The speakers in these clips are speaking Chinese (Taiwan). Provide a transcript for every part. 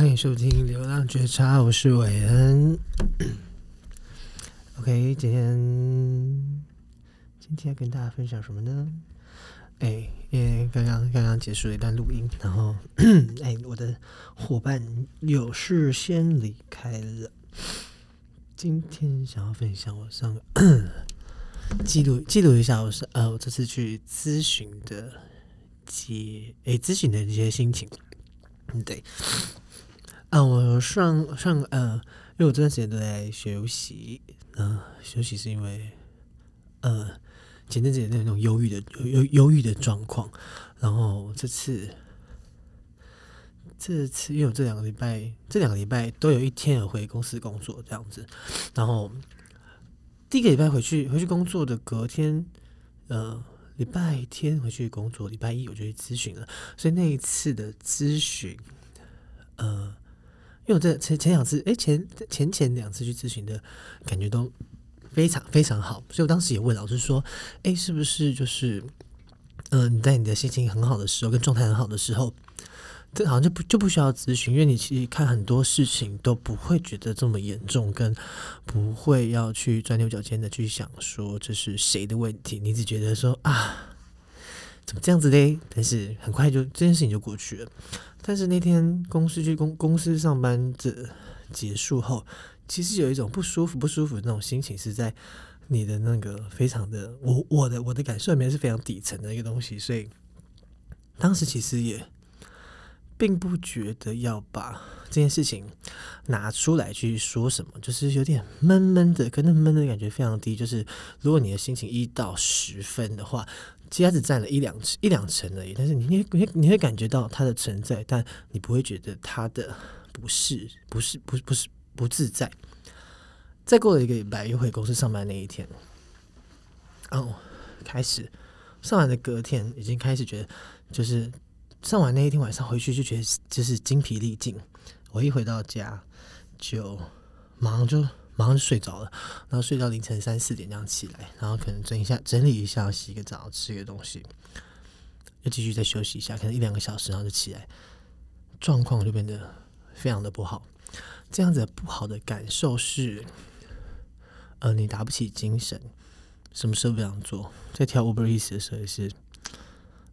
歡迎收聽《流浪覺察》，我是偉恩。 OK，今天今天要跟大家分享什麼呢？哎，因為剛剛剛剛結束了一段錄音，然後 哎，我的夥伴有事先離開了。今天想要分享我上個 記錄記錄一下我是呃我這次去諮詢的、哎、諮詢的這些心情，嗯，對。啊，我上上呃，因為我這段時間都在休息呃，休息是因為，呃，前陣子有那種憂鬱的憂憂鬱的狀況，然後這次，這次因為我這兩個禮拜這兩個禮拜都有一天有回公司工作這樣子，然後第一個禮拜回去回去工作的隔天，呃，禮拜天回去工作，禮拜一我就去諮詢了，所以那一次的諮詢，呃。因為我這前前兩次，哎、欸，前前前兩次去諮詢的感覺都非常非常好，所以我當時也問老師說，哎、欸，是不是就是，嗯、呃，你在你的心情很好的時候，跟狀態很好的時候，這好像就不就不需要諮詢，因為你其實看很多事情都不會覺得這麼嚴重，跟不會要去鑽牛角尖的去想說這是誰的問題，你只覺得說啊。怎麼這樣子嘞？但是很快就這件事情就過去了。但是那天公司去公公司上班這結束後，其實有一種不舒服、不舒服的那種心情，是在你的那個非常的我我的我的感受裡面是非常底層的一個東西。所以當時其實也並不覺得要把這件事情拿出來去說什麼，就是有點悶悶的，可能悶的感覺非常低。就是如果你的心情一到十分的話。其他只佔了一兩一兩成而已，但是你你你你會感覺到它的存在，但你不會覺得它的不適，不是不不是不，不自在。再過了一個禮拜，又回公司上班那一天，哦，開始上完的隔天，已經開始覺得，就是上完那一天晚上回去就覺得就是精疲力盡。我一回到家就忙就。馬上就睡着了，然後睡到凌晨三四點這樣起來，然後可能整一下、整理一下，洗個澡，吃一個東西，又繼續再休息一下，可能一兩個小時，然後就起來，狀況就變得非常的不好。這樣子不好的感受是，呃，你打不起精神，什麼事不想做。在挑 Uber Eats 的時候也是，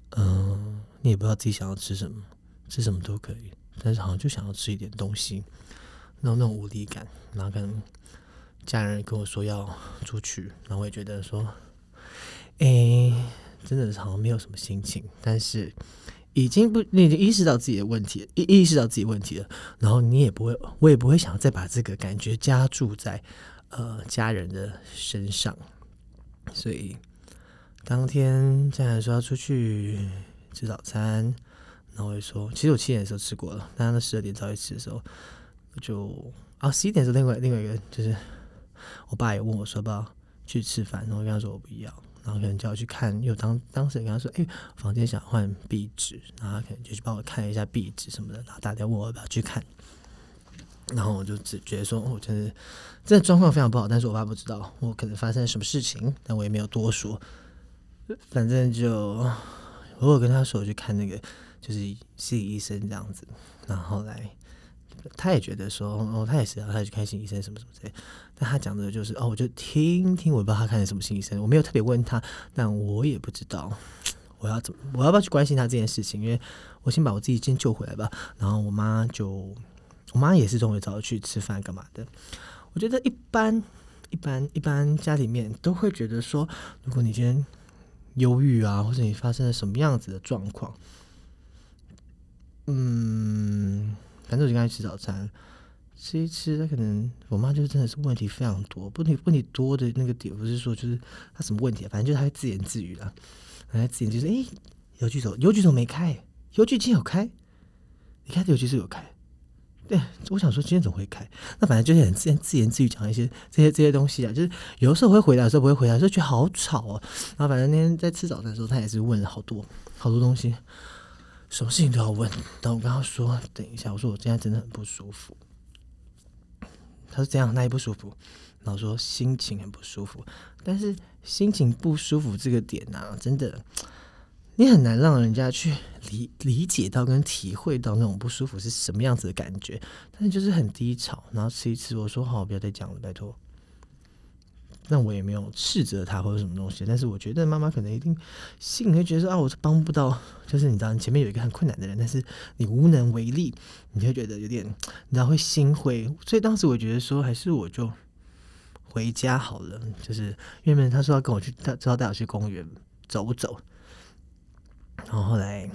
嗯、呃，你也不知道自己想要吃什麼，吃什麼都可以，但是好像就想要吃一點東西。那種無力感，然後跟家人跟我說要出去，然後我也覺得說，哎、欸，真的是好像沒有什麼心情，但是已經不，你已經意識到自己的問題，意意識到自己的問題了，然後你也不會，我也不會想再把這個感覺加注在呃家人的身上，所以當天家人說要出去吃早餐，然後我就說，其實我七點的時候吃過了，但他十二點一起吃的時候。就啊，十一點是另外另外一個，就是我爸也問我說，要不要去吃飯？然後跟他說我不要，然後可能就要去看。又當當時跟他說，哎、欸，房間想換壁紙，然後他可能就去幫我看一下壁紙什麼的。然後大家問我要不要去看，然後我就只覺得說我、就是，我真的真的狀況非常不好，但是我爸不知道我可能發生了什麼事情，但我也沒有多說。反正就我有跟他說，我去看那個，就是心理醫生這樣子。然後來。他也覺得說，哦，他也是啊，他也去看心理醫生什麼什麼之類的。但他講的就是，哦，我就聽聽，我不知道他看的什麼心理醫生，我沒有特別問他。但我也不知道我要怎麼，我要不要去關心他這件事情？因為我先把我自己先救回來吧。然後我媽就，我媽也是終於找到去吃飯幹嘛的。我覺得一般，一般，一般家裡面都會覺得說，如果你今天憂鬱啊，或者你發生了什麼樣子的狀況，嗯。反正我就跟他去吃早餐，吃一吃，他可能我媽就真的是問題非常多，問題問題多的那個點不是說就是他什麼問題啊，反正就是他在自言自語了，然後自言就是哎，油、欸、鋸手郵局手沒開，郵局今天有開，你看這郵局是有開，對，我想說今天怎麼會開，那反正就是很自言，自，言自語講一些這些這些東西啊，就是有的時候會回答，有時候不會回答，就覺得好吵哦、啊。然後反正那天在吃早餐的時候，他也是問了好多好多東西。什麼事情都要問，但我跟他說：“等一下，我說我現在真的很不舒服。”他說：“這樣？那也不舒服？”然後說：“心情很不舒服。”但是心情不舒服這個點啊，真的，你很難讓人家去理理解到跟體會到那種不舒服是什麼樣子的感覺。但是就是很低潮，然後吃一吃，我說：“好，不要再講了，拜託。”那我也沒有斥責他或者什麼東西，但是我覺得媽媽可能一定心裡會覺得說啊，我是幫不到，就是你知道，你前面有一個很困難的人，但是你無能為力，你就會覺得有點，你知道會心灰。所以當時我覺得說，還是我就回家好了。就是原本他說要跟我去，他知道帶我去公園走不走，然後後來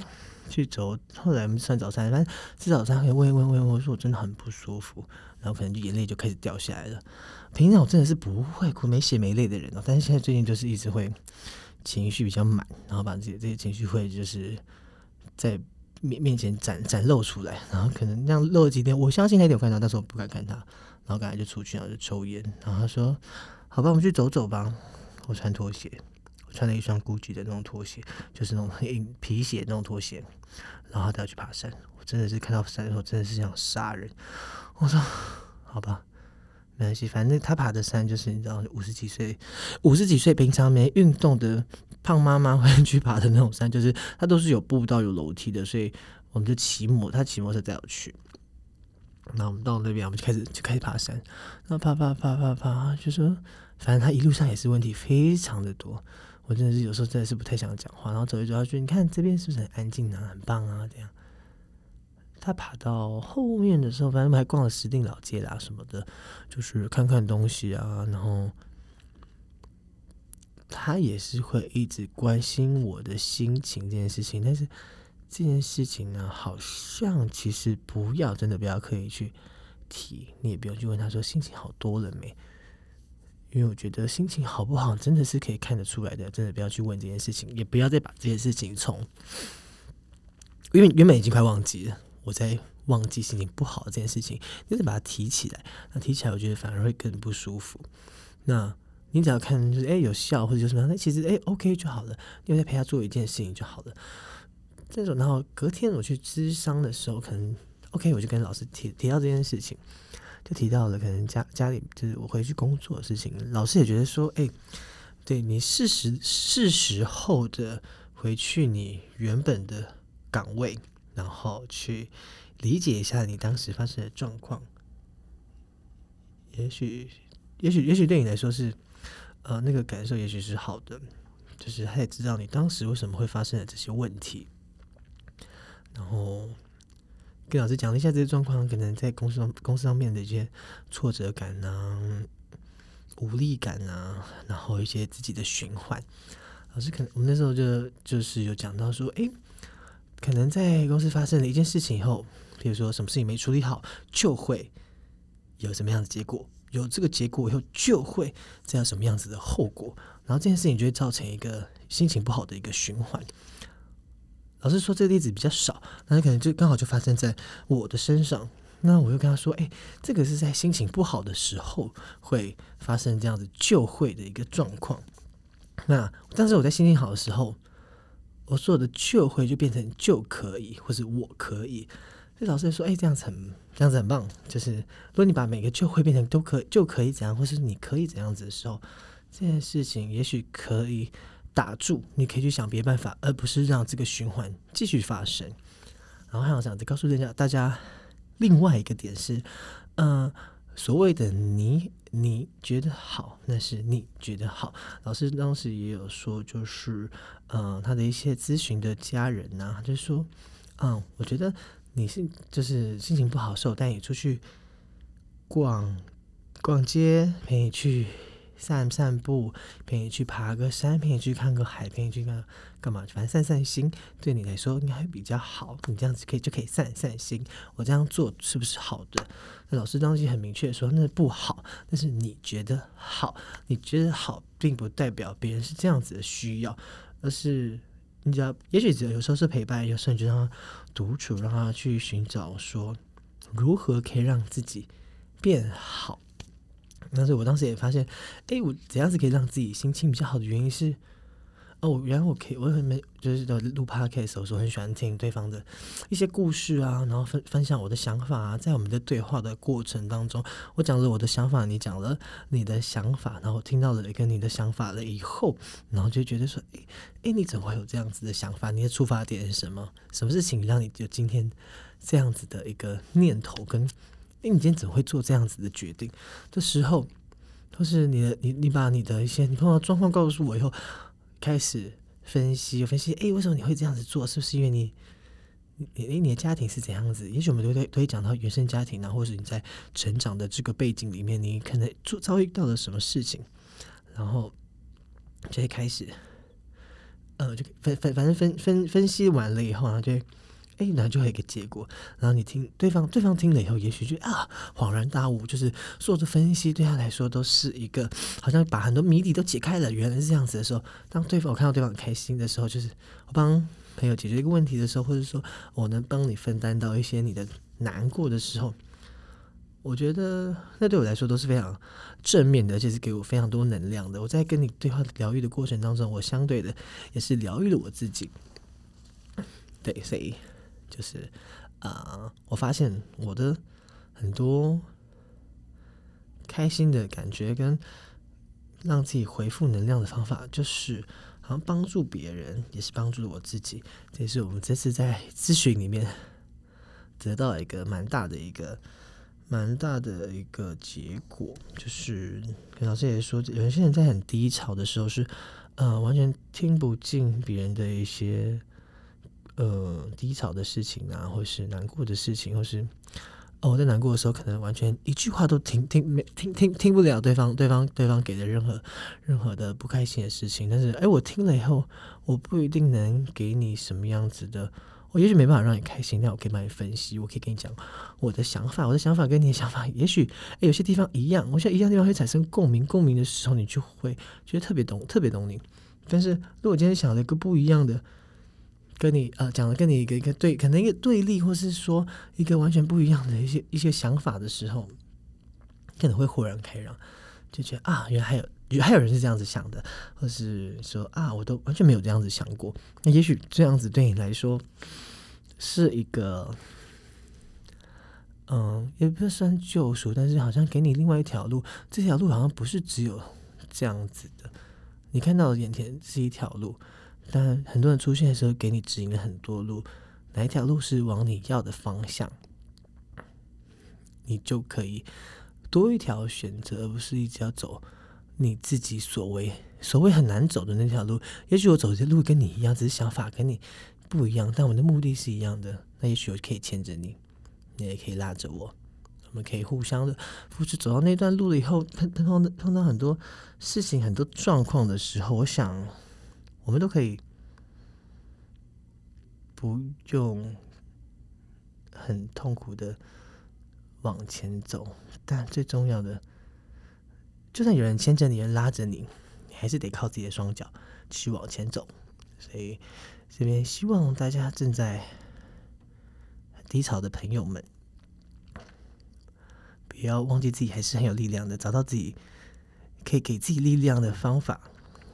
去走，後來我們吃早餐，吃早餐，喂喂喂，我說我真的很不舒服。然後可能就眼淚就開始掉下來了。平常我真的是不會哭，沒血沒淚的人哦，但是現在最近就是一直會情緒比較滿，然後把自己的這些情緒會就是在面面前展展露出來，然後可能那樣露了幾天。我相信他一定有看到，但是我不敢看他。然後剛才就出去，然後就抽煙。然後他說：“好吧，我們去走走吧。”我穿拖鞋。穿了一雙 Gucci 的那種拖鞋，就是那種皮皮鞋那種拖鞋，然後他要去爬山。我真的是看到山的時候，真的是想殺人。我說：“好吧，沒關係，反正他爬的山就是你知道，五十幾歲，五十幾歲平常沒運動的胖媽媽會去爬的那種山，就是他都是有步道、有樓梯的，所以我們就騎摩，他騎摩托帶我去。然後我們到那邊，我們就開始就開始爬山。然後爬爬爬爬爬，爬，就說反正他一路上也是問題非常的多。”我真的是有時候真的是不太想講話，然後走一走下去，你看這邊是不是很安靜呢、啊？很棒啊，這樣。他爬到後面的時候，反正還逛了石碇老街啦、啊、什麼的，就是看看東西啊。然後他也是會一直關心我的心情這件事情，但是這件事情呢，好像其實不要真的不要刻意去提，你也不用去問他說心情好多了沒？因為我覺得心情好不好，真的是可以看得出來的。真的不要去問這件事情，也不要再把這件事情從，因為原本已經快忘記了，我在忘記心情不好的這件事情，你再把它提起來，那提起來我覺得反而會更不舒服。那你只要看，就是哎有笑或者有什麼，那其實哎 OK 就好了，你在陪他做一件事情就好了。這種然後隔天我去諮商的時候，可能 OK 我就跟老師提提到這件事情。就提到了，可能家家裡就是我回去工作的事情。老師也覺得說，誒、欸，對，你是時是時候的回去你原本的崗位，然後去理解一下你當時發生的狀況。也許，也許，也許對你來說是，呃，那個感受也許是好的，就是他也知道你當時為什麼會發生了這些問題，然後。跟老師講了一下這些狀況，可能在公司上公司上面的一些挫折感呢，啊、無力感呢、啊，然後一些自己的循環。老師可能我們那時候就就是有講到說，誒，可能在公司發生了一件事情以後，比如說什麼事情沒處理好，就會有什麼樣的結果，有這個結果以後就會再有什麼樣子的後果，然後這件事情就會造成一個心情不好的一個循環。老師說這個例子比較少，那可能就剛好就發生在我的身上。那我又跟他說：“哎，這個是在心情不好的時候會發生這樣子就會的一個狀況。那當時我在心情好的時候，我所有的就會就變成就可以，或是我可以。”所以老師說：“哎，這樣子很，這樣子很棒。就是如果你把每個就會變成都可就可以怎樣，或是你可以怎樣子的時候，這件事情也許可以。”打住！你可以去想別的辦法，而不是讓這個循環繼續發生。然後還想再告訴大家，大家另外一個點是，嗯、呃，所謂的你你覺得好，那是你覺得好。老師當時也有說，就是嗯、呃，他的一些諮詢的家人吶、啊，他就是、說，嗯，我覺得你是就是心情不好受，帶你出去逛逛街，陪你去。散散步，陪你去爬個山，陪你去看個海，陪你去看幹嘛？反正散散心，對你來說應該會比較好。你這樣子可以就可以散散心。我這樣做是不是好的？那老師當時很明確說那是不好。但是你覺得好，你覺得好，並不代表別人是這樣子的需要，而是你知道，也許只有有時候是陪伴，有時候你就讓他獨處，讓他去尋找說如何可以讓自己變好。但是，我當時也發現，誒，我怎樣子可以讓自己心情比較好的原因是，是哦，原來我可以，我很沒，就是錄 podcast 的時候，說很喜歡聽對方的一些故事啊，然後分分享我的想法啊，在我們的對話的過程當中，我講了我的想法，你講了你的想法，然後聽到了一個你的想法了以後，然後就覺得說，誒，誒，你怎麼會有這樣子的想法？你的出發點是什麼？什麼事情讓你就今天這樣子的一個念頭跟？誒，你今天怎麼會做這樣子的決定？這時候，都是你的，你你把你的一些你碰到狀況告訴我以後，開始分析，分析，哎，為什麼你會這樣子做？是不是因為你，你你的家庭是怎樣子？也許我們都會都會講到原生家庭，然後或者你在成長的這個背景裡面，你可能遭遭遇到了什麼事情，然後就會開始，呃，就反反反正分分分，分析完了以後啊，就會。哎，然後就會有一個結果。然後你聽對方，對方聽了以後，也許就啊，恍然大悟，就是做的分析，對他來說都是一個，好像把很多謎底都解開了。原來是這樣子的時候，當對方我看到對方很開心的時候，就是我幫朋友解決一個問題的時候，或者說我能幫你分擔到一些你的難過的時候，我覺得那對我來說都是非常正面的，就是給我非常多能量的。我在跟你對話療癒的過程當中，我相對的也是療癒了我自己。對，所以。就是，啊、呃，我發現我的很多開心的感覺跟讓自己回復能量的方法，就是好像幫助別人也是幫助了我自己，這也是我們這次在諮詢裡面得到一個蠻大的一個蠻大的一個結果。就是跟老師也說，有些人在很低潮的時候是，呃，完全聽不進別人的一些。呃，低潮的事情啊，或是難過的事情，或是哦，我在難過的時候，可能完全一句話都聽聽沒聽聽聽不了對方，對方對方給的任何任何的不開心的事情。但是，哎，我聽了以後，我不一定能給你什麼樣子的，我、哦、也許沒辦法讓你開心，那我可以幫你分析，我可以跟你講我的想法，我的想法跟你的想法，也許誒誒有些地方一樣，我覺得一樣的地方會產生共鳴，共鳴的時候，你就會覺得特別懂，特別懂你。但是如果我今天想了一個不一樣的。跟你呃講了跟你一個一個對可能一個對立，或是說一個完全不一樣的一些一些想法的時候，可能會豁然開朗，就覺得啊，原來還有，還有人是這樣子想的，或是說啊，我都完全沒有這樣子想過。那也許這樣子對你來說是一個，嗯，也不算救贖，但是好像給你另外一條路，這條路好像不是只有這樣子的。你看到眼前是一條路。當然，但很多人出現的時候，給你指引了很多路，哪一條路是往你要的方向，你就可以多一條選擇，而不是一直要走你自己所謂所謂很難走的那條路。也許我走的路跟你一樣，只是想法跟你不一樣，但我們的目的是一樣的。那也許我可以牽着你，你也可以拉着我，我們可以互相的，不是走到那段路了以後碰碰到碰到很多事情很多狀況的時候，我想。我們都可以不用很痛苦的往前走，但最重要的，就算有人牽着你，人拉着你，你還是得靠自己的雙腳去往前走。所以這邊希望大家正在很低潮的朋友們，不要忘記自己還是很有力量的，找到自己可以給自己力量的方法，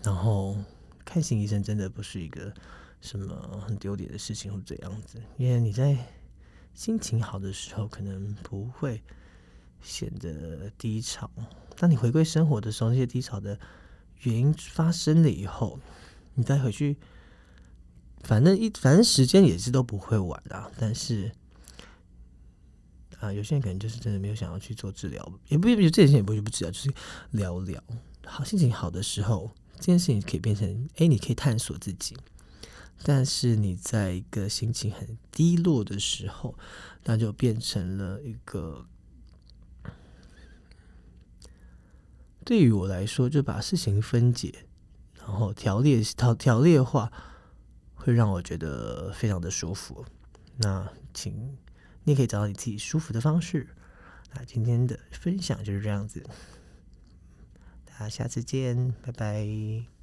然後。看心理醫生真的不是一個什麼很丟臉的事情，或者這樣子，因為你在心情好的時候可能不會顯得低潮，當你回歸生活的時候，那些低潮的原因發生了以後，你再回去，反正一反正時間也是都不會晚啊。但是啊，有些人可能就是真的沒有想要去做治療，也不不這些事情也不會不治療，就是聊聊，好心情好的時候。這件事情可以變成，哎、欸，你可以探索自己。但是你在一個心情很低落的時候，那就變成了一個。對於我來說，就把事情分解，然後條列、條條列化，會讓我覺得非常的舒服。那請，請你也可以找到你自己舒服的方式。那今天的分享就是這樣子。啊，下次見，拜拜。